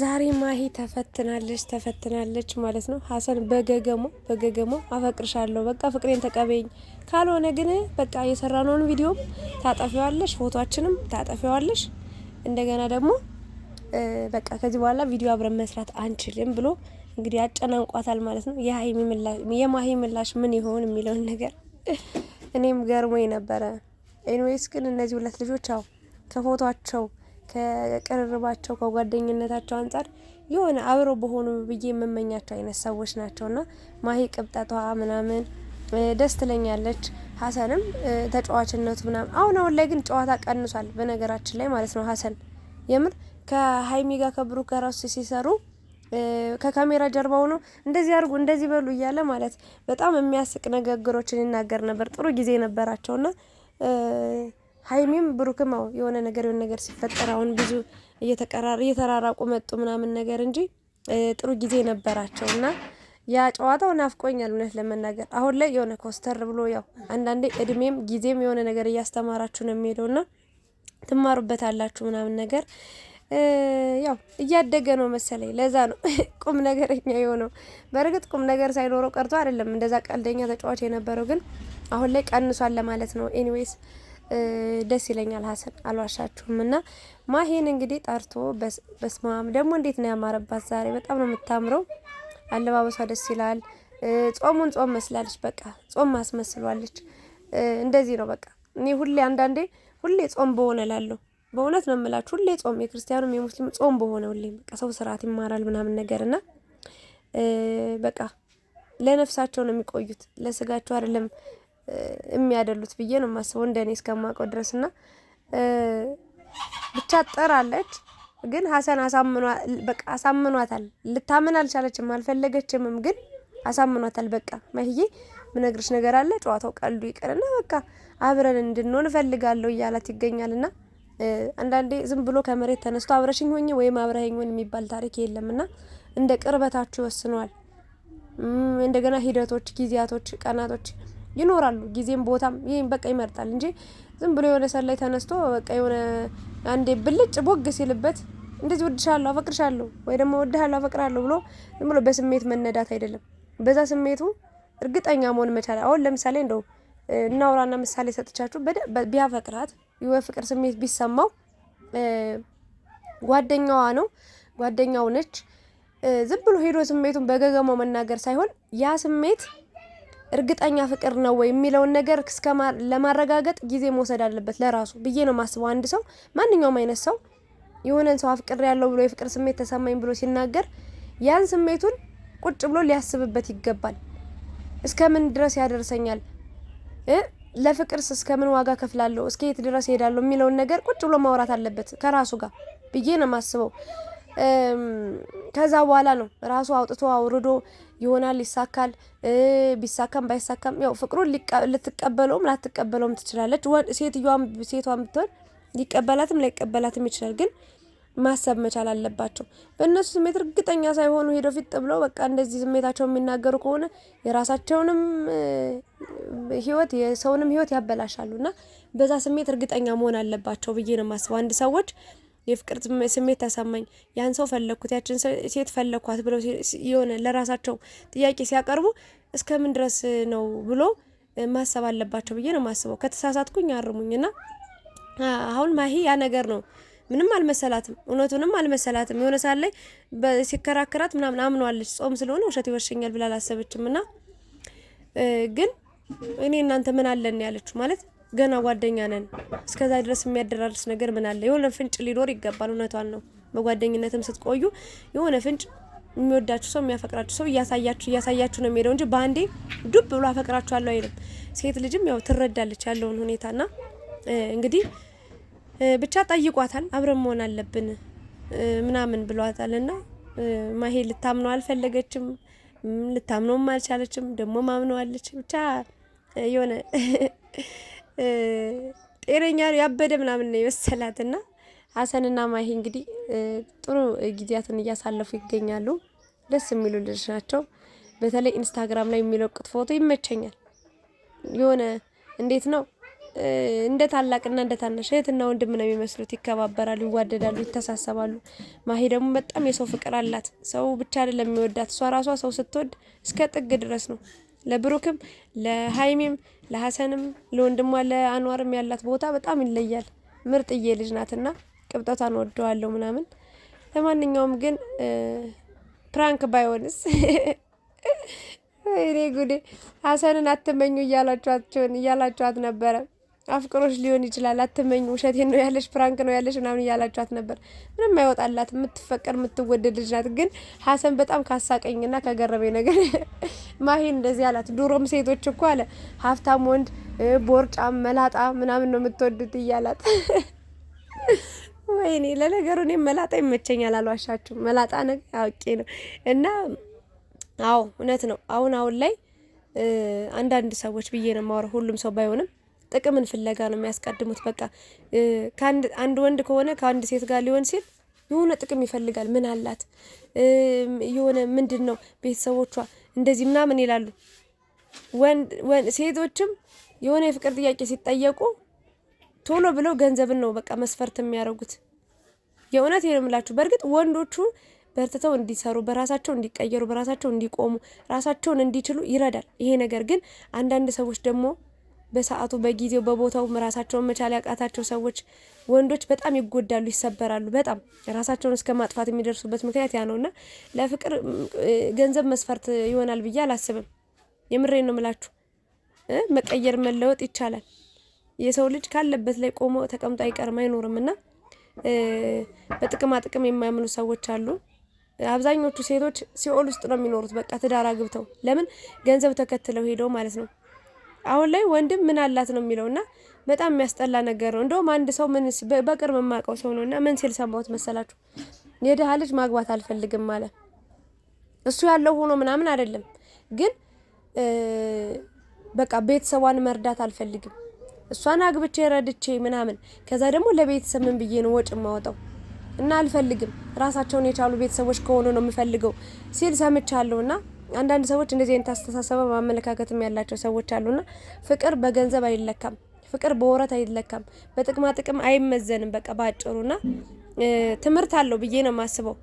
ዛሬ ማሂ ተፈትናለች ተፈትናለች ማለት ነው። ሀሰን በገገሞ በገገሞ አፈቅርሻለሁ በቃ ፍቅሬን ተቀበይኝ፣ ካልሆነ ግን በቃ የሰራነውን ቪዲዮም ታጠፊዋለሽ፣ ፎቶችንም ታጠፊዋለሽ፣ እንደገና ደግሞ በቃ ከዚህ በኋላ ቪዲዮ አብረን መስራት አንችልም ብሎ እንግዲህ አጨናንቋታል ማለት ነው። የማሂ ምላሽ ምን ይሆን የሚለውን ነገር እኔም ገርሞኝ ነበረ። ኤንዌይስ ግን እነዚህ ሁለት ልጆች አው ከፎቷቸው ከቅርርባቸው ከጓደኝነታቸው አንጻር የሆነ አብሮ በሆኑ ብዬ የምመኛቸው አይነት ሰዎች ናቸውና ማሂ ቅብጠቷ ምናምን ደስ ትለኛለች። ሀሰንም ተጫዋችነቱ ምናምን አሁን አሁን ላይ ግን ጨዋታ ቀንሷል፣ በነገራችን ላይ ማለት ነው። ሀሰን የምር ከሀይሚ ጋር ከብሩክ ጋር ራሱ ሲሰሩ ከካሜራ ጀርባ ሆኖ እንደዚህ አድርጉ እንደዚህ በሉ እያለ ማለት በጣም የሚያስቅ ንግግሮችን ይናገር ነበር። ጥሩ ጊዜ ነበራቸውና ሀይሚም ብሩክም አዎ የሆነ ነገር የሆነ ነገር ሲፈጠር አሁን ብዙ እየተራራቁ መጡ ምናምን ነገር እንጂ ጥሩ ጊዜ ነበራቸው እና ያ ጨዋታው ናፍቆኛል እውነት ለመናገር አሁን ላይ የሆነ ኮስተር ብሎ ያው አንዳንዴ እድሜም ጊዜም የሆነ ነገር እያስተማራችሁ ነው የሚሄደው እና ትማሩበት አላችሁ ምናምን ነገር ያው እያደገ ነው መሰለኝ። ለዛ ነው ቁም ነገረኛ የሆነው። በእርግጥ ቁም ነገር ሳይኖረው ቀርቶ አይደለም እንደዛ ቀልደኛ ተጫዋች የነበረው ግን አሁን ላይ ቀንሷል ለማለት ነው። ኤኒዌይስ ደስ ይለኛል። ሀሰን አልዋሻችሁም። እና ማሄን እንግዲህ ጠርቶ በስማም ደግሞ እንዴት ነው ያማረባት ዛሬ! በጣም ነው የምታምረው። አለባበሷ ደስ ይላል። ጾሙን ጾም መስላለች። በቃ ጾም ማስመስሏለች። እንደዚህ ነው በቃ። እኔ ሁሌ አንዳንዴ ሁሌ ጾም በሆነ ላለሁ በእውነት ነው የምላችሁ። ሁሌ ጾም የክርስቲያኑም የሙስሊም ጾም በሆነ ሁሌ በቃ ሰው ስርዓት ይማራል ምናምን ነገር እና በቃ ለነፍሳቸው ነው የሚቆዩት ለስጋቸው አይደለም። የሚያደሉት ብዬ ነው የማስበው እንደኔ እስከማውቀው ድረስ እና ብቻ ጥራለች፣ ግን ሀሰን በቃ አሳምኗታል። ልታምን አልቻለችም፣ አልፈለገችምም፣ ግን አሳምኗታል። በቃ ማህዬ ምነግርሽ ነገር አለ፣ ጨዋታው ቀልዱ ይቅርና በቃ አብረን እንድንሆን እፈልጋለሁ እያላት ይገኛልና አንዳንዴ ዝም ብሎ ከመሬት ተነስቶ አብረሽኝ ሆኜ ወይም አብረኸኝ ሆን የሚባል ታሪክ የለምና እንደ ቅርበታችሁ ወስኗል እንደገና ሂደቶች፣ ጊዜያቶች፣ ቀናቶች ይኖራሉ። ጊዜም ቦታም ይህም በቃ ይመርጣል እንጂ ዝም ብሎ የሆነ ሰላይ ተነስቶ በቃ የሆነ አንዴ ብልጭ ቦግ ሲልበት እንደዚህ ወድሻለሁ፣ አፈቅርሻለሁ ወይ ደግሞ ወድሃለሁ፣ አፈቅራለሁ ብሎ ዝም ብሎ በስሜት መነዳት አይደለም። በዛ ስሜቱ እርግጠኛ መሆን መቻል። አሁን ለምሳሌ እንደው እናውራና ምሳሌ ሰጥቻችሁ ቢያፈቅራት የፍቅር ስሜት ቢሰማው ጓደኛዋ ነው ጓደኛው ነች ዝም ብሎ ሄዶ ስሜቱን በገገማው መናገር ሳይሆን ያ ስሜት እርግጠኛ ፍቅር ነው ወይ የሚለውን ነገር እስከ ለማረጋገጥ ጊዜ መውሰድ አለበት ለራሱ ብዬ ነው ማስበው። አንድ ሰው ማንኛውም አይነት ሰው የሆነን ሰው አፍቅር ያለው ብሎ የፍቅር ስሜት ተሰማኝ ብሎ ሲናገር ያን ስሜቱን ቁጭ ብሎ ሊያስብበት ይገባል። እስከ ምን ድረስ ያደርሰኛል ለፍቅርስ እስከምን ዋጋ ከፍላለሁ፣ እስከ የት ድረስ ሄዳለሁ የሚለውን ነገር ቁጭ ብሎ ማውራት አለበት ከራሱ ጋር ብዬ ነው ማስበው። ከዛ በኋላ ነው ራሱ አውጥቶ አውርዶ ይሆናል ይሳካል። ቢሳካም ባይሳካም ያው ፍቅሩን ልትቀበለውም ላትቀበለውም ትችላለች። ሴትዮዋም ሴቷም ብትሆን ሊቀበላትም ላይቀበላትም ይችላል። ግን ማሰብ መቻል አለባቸው። በእነሱ ስሜት እርግጠኛ ሳይሆኑ ሄደው ፊት ብለው በቃ እንደዚህ ስሜታቸው የሚናገሩ ከሆነ የራሳቸውንም ህይወት የሰውንም ህይወት ያበላሻሉ እና በዛ ስሜት እርግጠኛ መሆን አለባቸው ብዬ ነው የማስበው አንድ ሰዎች የፍቅር ስሜት ተሰማኝ፣ ያን ሰው ፈለግኩት፣ ያችን ሴት ፈለግኳት ብለው የሆነ ለራሳቸው ጥያቄ ሲያቀርቡ እስከምን ድረስ ነው ብሎ ማሰብ አለባቸው ብዬ ነው ማስበው። ከተሳሳትኩኝ አርሙኝ እና አሁን ማሂ ያ ነገር ነው ምንም አልመሰላትም፣ እውነቱንም አልመሰላትም። የሆነ ሳ ላይ ሲከራከራት ምናምን አምኗለች። ጾም ስለሆነ ውሸት ይወሸኛል ብላ አላሰበችም እና ግን እኔ እናንተ ምን አለን ያለችው ማለት ገና ጓደኛ ነን። እስከዛ ድረስ የሚያደራርስ ነገር ምን አለ? የሆነ ፍንጭ ሊኖር ይገባል። እውነቷን ነው። በጓደኝነትም ስትቆዩ የሆነ ፍንጭ የሚወዳችሁ ሰው የሚያፈቅራችሁ ሰው እያሳያችሁ እያሳያችሁ ነው የሚሄደው እንጂ በአንዴ ዱብ ብሎ አፈቅራችኋለሁ አይልም። ሴት ልጅም ያው ትረዳለች ያለውን ሁኔታና እንግዲህ ብቻ ጠይቋታል። አብረን መሆን አለብን ምናምን ና ማሄ ልታምነው አልፈለገችም። ልታምነውም አልቻለችም። ደግሞ ማምነዋለች ብቻ የሆነ ጤነኛ ያበደ ምናምን ነው የመሰላት እና ሀሰንና ማሄ እንግዲህ ጥሩ ጊዜያትን እያሳለፉ ይገኛሉ። ደስ የሚሉ ልጆች ናቸው። በተለይ ኢንስታግራም ላይ የሚለቁት ፎቶ ይመቸኛል። የሆነ እንዴት ነው እንደ ታላቅና እንደ ታናሽ እህትና ወንድም ነው የሚመስሉት። ይከባበራሉ፣ ይዋደዳሉ፣ ይተሳሰባሉ። ማሄ ደግሞ በጣም የሰው ፍቅር አላት። ሰው ብቻ አይደለም የሚወዳት እሷ ራሷ ሰው ስትወድ እስከ ጥግ ድረስ ነው። ለብሩክም ለሀይሚም ለሀሰንም ለወንድሟ ለአንዋርም ያላት ቦታ በጣም ይለያል። ምርጥዬ ልጅ ናትና ቅብጠቷን ወደዋለሁ ምናምን። ለማንኛውም ግን ፕራንክ ባይሆንስ? እኔ ጉዴ ሀሰንን አትመኙ እያላችኋቸውን እያላችኋት ነበረ። አፍቅሮች ሊሆን ይችላል። አትመኝ፣ ውሸቴን ነው ያለሽ፣ ፕራንክ ነው ያለሽ ምናምን እያላችኋት ነበር። ምንም አይወጣላት፣ የምትፈቀድ የምትወደድ ልጅ ናት። ግን ሀሰን በጣም ካሳቀኝና ከገረመኝ ነገር ማሄን እንደዚህ አላት። ዱሮም ሴቶች እኮ አለ ሀብታም ወንድ ቦርጫም መላጣ ምናምን ነው የምትወዱት እያላት ወይኔ፣ ለነገሩ እኔም መላጣ ይመቸኛል፣ አልዋሻችሁ። መላጣ ነ አውቄ ነው እና አዎ እውነት ነው። አሁን አሁን ላይ አንዳንድ ሰዎች ብዬ ነው የማወራው፣ ሁሉም ሰው ባይሆንም ጥቅምን ፍለጋ ነው የሚያስቀድሙት። በቃ አንድ ወንድ ከሆነ ከአንድ ሴት ጋር ሊሆን ሲል የሆነ ጥቅም ይፈልጋል። ምን አላት የሆነ ምንድን ነው ቤተሰቦቿ እንደዚህ ምናምን ይላሉ። ሴቶችም የሆነ የፍቅር ጥያቄ ሲጠየቁ ቶሎ ብለው ገንዘብን ነው በቃ መስፈርት የሚያደርጉት። የእውነት ይሄን የምላችሁ በእርግጥ ወንዶቹ በርትተው እንዲሰሩ በራሳቸው እንዲቀየሩ በራሳቸው እንዲቆሙ ራሳቸውን እንዲችሉ ይረዳል። ይሄ ነገር ግን አንዳንድ ሰዎች ደግሞ በሰዓቱ በጊዜው በቦታው ራሳቸውን መቻል ያቃታቸው ሰዎች ወንዶች በጣም ይጎዳሉ፣ ይሰበራሉ። በጣም ራሳቸውን እስከ ማጥፋት የሚደርሱበት ምክንያት ያ ነውና ለፍቅር ገንዘብ መስፈርት ይሆናል ብዬ አላስብም። የምሬን ነው ምላችሁ። መቀየር መለወጥ ይቻላል። የሰው ልጅ ካለበት ላይ ቆሞ ተቀምጦ አይቀርም አይኖርም። እና በጥቅማ ጥቅም የማያምኑ ሰዎች አሉ። አብዛኞቹ ሴቶች ሲኦል ውስጥ ነው የሚኖሩት። በቃ ትዳር አግብተው ለምን ገንዘብ ተከትለው ሄደው ማለት ነው። አሁን ላይ ወንድም ምን አላት ነው የሚለውና በጣም የሚያስጠላ ነገር ነው። እንደውም አንድ ሰው ምን በቅርብ የማውቀው ሰው ነውና ምን ሲል ሰማሁት መሰላችሁ? የድሃ ልጅ ማግባት አልፈልግም አለ። እሱ ያለው ሆኖ ምናምን አይደለም ግን በቃ ቤተሰቧን መርዳት አልፈልግም። እሷን አግብቼ ረድቼ ምናምን ከዛ ደግሞ ለቤተሰብ ምን ብዬ ነው ወጭ የማወጣው እና አልፈልግም። ራሳቸውን የቻሉ ቤተሰቦች ከሆኑ ነው የምፈልገው ሲል ሰምቻለሁና አንዳንድ ሰዎች እንደዚህ አይነት አስተሳሰብ ማመለካከትም ያላቸው ሰዎች አሉና ፍቅር በገንዘብ አይለካም። ፍቅር በወረት አይለካም። በጥቅማ ጥቅም አይመዘንም። በቃ ባጭሩና ትምህርት አለው ብዬ ነው የማስበው።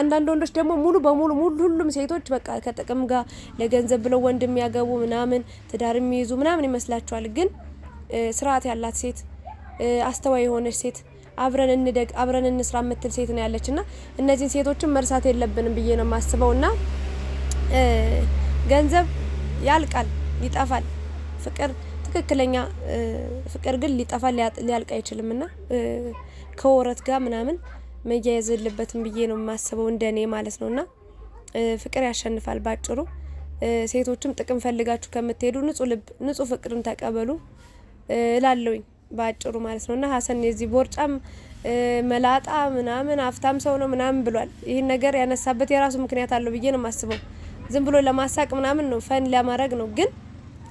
አንዳንድ ወንዶች ደግሞ ሙሉ በሙሉ ሙሉ ሁሉም ሴቶች በቃ ከጥቅም ጋር ለገንዘብ ብለው ወንድ የሚያገቡ ምናምን ትዳር የሚይዙ ምናምን ይመስላቸዋል። ግን ስርዓት ያላት ሴት፣ አስተዋይ የሆነች ሴት፣ አብረን እንደግ፣ አብረን እንስራ የምትል ሴት ነው ያለች እና እነዚህን ሴቶችን መርሳት የለብንም ብዬ ነው የማስበው እና ገንዘብ ያልቃል፣ ይጠፋል። ፍቅር ትክክለኛ ፍቅር ግን ሊጠፋል ሊያልቅ አይችልም እና ከወረት ጋር ምናምን መያያዝ የለበትም ብዬ ነው የማስበው፣ እንደኔ ማለት ነው። እና ፍቅር ያሸንፋል ባጭሩ። ሴቶችም ጥቅም ፈልጋችሁ ከምትሄዱ ንጹህ ልብ፣ ንጹህ ፍቅርን ተቀበሉ እላለውኝ በአጭሩ ማለት ነው። እና ሀሰን የዚህ ቦርጫም መላጣ ምናምን አፍታም ሰው ነው ምናምን ብሏል። ይህን ነገር ያነሳበት የራሱ ምክንያት አለው ብዬ ነው የማስበው። ዝም ብሎ ለማሳቅ ምናምን ነው፣ ፈን ለማድረግ ነው። ግን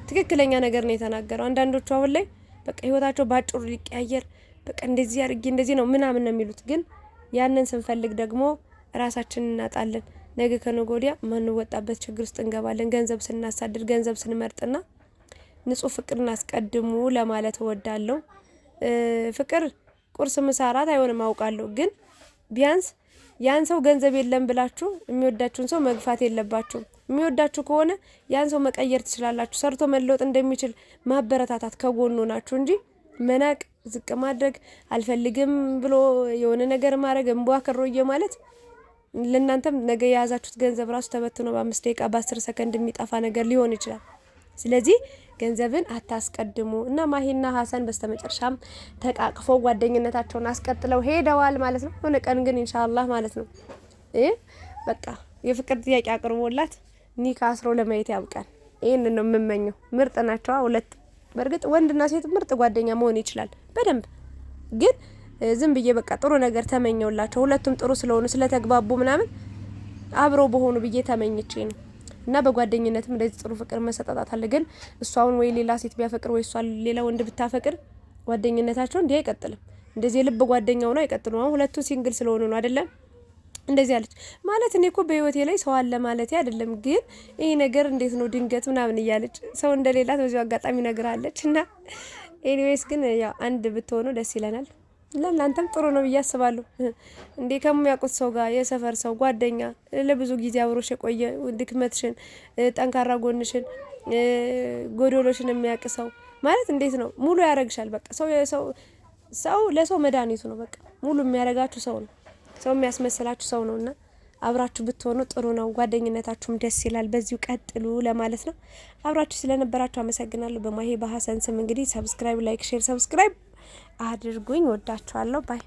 ትክክለኛ ነገር ነው የተናገረው። አንዳንዶቹ አሁን ላይ በቃ ህይወታቸው ባጭሩ ሊቀያየር በቃ እንደዚህ አድርጌ እንደዚህ ነው ምናምን ነው የሚሉት። ግን ያንን ስንፈልግ ደግሞ ራሳችንን እናጣለን። ነገ ከነገ ወዲያ ማንወጣበት ችግር ውስጥ እንገባለን። ገንዘብ ስናሳድድ፣ ገንዘብ ስንመርጥና ንጹህ ፍቅርን አስቀድሙ ለማለት እወዳለሁ። ፍቅር ቁርስ ምሳ አይሆንም አውቃለሁ። ግን ቢያንስ ያን ሰው ገንዘብ የለም ብላችሁ የሚወዳችሁን ሰው መግፋት የለባችሁም። የሚወዳችሁ ከሆነ ያን ሰው መቀየር ትችላላችሁ። ሰርቶ መለወጥ እንደሚችል ማበረታታት ከጎኑ ናችሁ እንጂ መናቅ፣ ዝቅ ማድረግ፣ አልፈልግም ብሎ የሆነ ነገር ማድረግ፣ እንቧ ማለት ለእናንተም ነገ የያዛችሁት ገንዘብ ራሱ ተበትኖ በአምስት ደቂቃ በአስር ሰከንድ የሚጠፋ ነገር ሊሆን ይችላል። ስለዚህ ገንዘብን አታስቀድሙ እና ማሂና ሀሰን በስተመጨረሻም ተቃቅፎ ጓደኝነታቸውን አስቀጥለው ሄደዋል ማለት ነው። የሆነ ቀን ግን ኢንሻአላህ ማለት ነው በቃ የፍቅር ጥያቄ አቅርቦላት ኒካ አስሮ ለማየት ያብቃል። ይህን ነው የምመኘው። ምርጥ ናቸው ሁለት። በእርግጥ ወንድና ሴት ምርጥ ጓደኛ መሆን ይችላል በደንብ ግን ዝም ብዬ በቃ ጥሩ ነገር ተመኘውላቸው። ሁለቱም ጥሩ ስለሆኑ ስለተግባቡ ምናምን አብረው በሆኑ ብዬ ተመኝቼ ነው። እና በጓደኝነትም እንደዚህ ጥሩ ፍቅር መሰጣጣት አለ። ግን እሷውን ወይ ሌላ ሴት ቢያፈቅር ወይ እሷ ሌላ ወንድ ብታፈቅር ጓደኝነታቸው እንዲህ አይቀጥልም። እንደዚህ የልብ ጓደኛው ነው አይቀጥሉ። አሁን ሁለቱ ሲንግል ስለሆኑ ነው አይደለም እንደዚህ አለች ማለት እኔ እኮ በህይወቴ ላይ ሰው አለ ማለት አይደለም፣ ግን ይሄ ነገር እንዴት ነው ድንገት ምናምን እያለች ሰው እንደሌላት በዚሁ አጋጣሚ ነግራለች። እና ኤኒዌይስ ግን ያው አንድ ብትሆኑ ደስ ይለናል። ለእናንተም ጥሩ ነው ብዬ አስባለሁ። እንዴ ከሚያውቁት ሰው ጋር የሰፈር ሰው ጓደኛ፣ ለብዙ ጊዜ አብሮሽ የቆየ ድክመትሽን፣ ጠንካራ ጎንሽን፣ ጎዶሎሽን የሚያውቅ ሰው ማለት እንዴት ነው ሙሉ ያደርግሻል። በቃ ሰው ሰው ሰው ለሰው መድኃኒቱ ነው። በቃ ሙሉ የሚያደርጋችሁ ሰው ነው። ሰው የሚያስመስላችሁ ሰው ነው እና አብራችሁ ብትሆኑ ጥሩ ነው። ጓደኝነታችሁም ደስ ይላል። በዚሁ ቀጥሉ ለማለት ነው። አብራችሁ ስለነበራችሁ አመሰግናለሁ። በማሄ በሀሰን ስም እንግዲህ ሰብስክራይብ፣ ላይክ፣ ሼር ሰብስክራይብ አድርጉኝ። ወዳችኋለሁ። ባይ